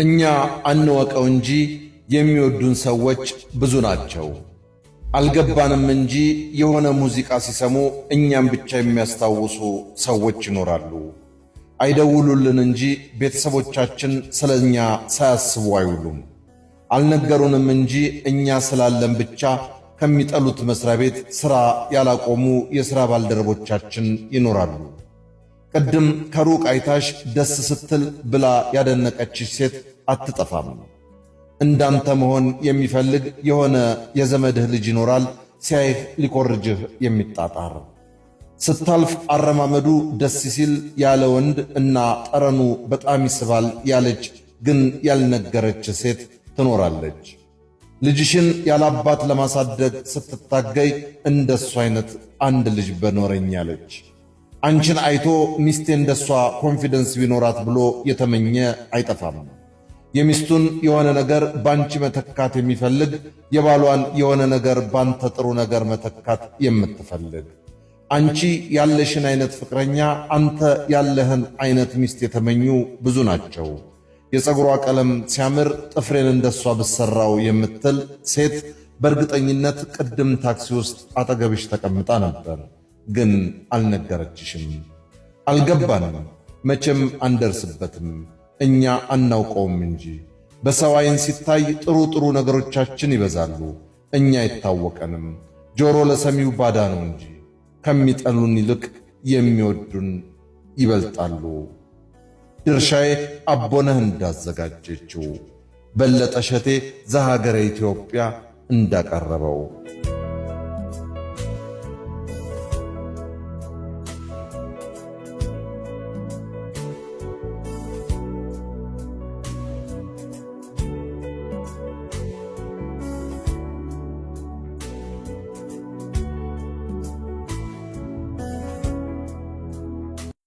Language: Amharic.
እኛ አንወቀው እንጂ የሚወዱን ሰዎች ብዙ ናቸው። አልገባንም እንጂ የሆነ ሙዚቃ ሲሰሙ እኛም ብቻ የሚያስታውሱ ሰዎች ይኖራሉ። አይደውሉልን እንጂ ቤተሰቦቻችን ስለ እኛ ሳያስቡ አይውሉም። አልነገሩንም እንጂ እኛ ስላለን ብቻ ከሚጠሉት መስሪያ ቤት ሥራ ያላቆሙ የሥራ ባልደረቦቻችን ይኖራሉ። ቅድም ከሩቅ አይታሽ ደስ ስትል ብላ ያደነቀችሽ ሴት አትጠፋም። እንዳንተ መሆን የሚፈልግ የሆነ የዘመድህ ልጅ ይኖራል፣ ሲያይህ ሊኮርጅህ የሚጣጣር ስታልፍ አረማመዱ ደስ ሲል ያለ ወንድ እና ጠረኑ በጣም ይስባል ያለች ግን ያልነገረች ሴት ትኖራለች። ልጅሽን ያላባት ለማሳደግ ስትታገይ እንደሱ አይነት አንድ ልጅ በኖረኝ አለች። አንቺን አይቶ ሚስቴ እንደሷ ኮንፊደንስ ቢኖራት ብሎ የተመኘ አይጠፋም። የሚስቱን የሆነ ነገር ባንቺ መተካት የሚፈልግ የባሏን የሆነ ነገር ባንተ ጥሩ ነገር መተካት የምትፈልግ አንቺ ያለሽን አይነት ፍቅረኛ አንተ ያለህን አይነት ሚስት የተመኙ ብዙ ናቸው። የፀጉሯ ቀለም ሲያምር ጥፍሬን እንደሷ ብሰራው የምትል ሴት በእርግጠኝነት ቅድም ታክሲ ውስጥ አጠገብሽ ተቀምጣ ነበር። ግን አልነገረችሽም። አልገባንም፣ መቼም አንደርስበትም፣ እኛ አናውቀውም እንጂ በሰው ዓይን ሲታይ ጥሩ ጥሩ ነገሮቻችን ይበዛሉ። እኛ አይታወቀንም፣ ጆሮ ለሰሚው ባዳ ነው እንጂ ከሚጠሉን ይልቅ የሚወዱን ይበልጣሉ። ድርሻዬ አቦነህ እንዳዘጋጀችው በለጠ ሸቴ ዘሀገረ ኢትዮጵያ እንዳቀረበው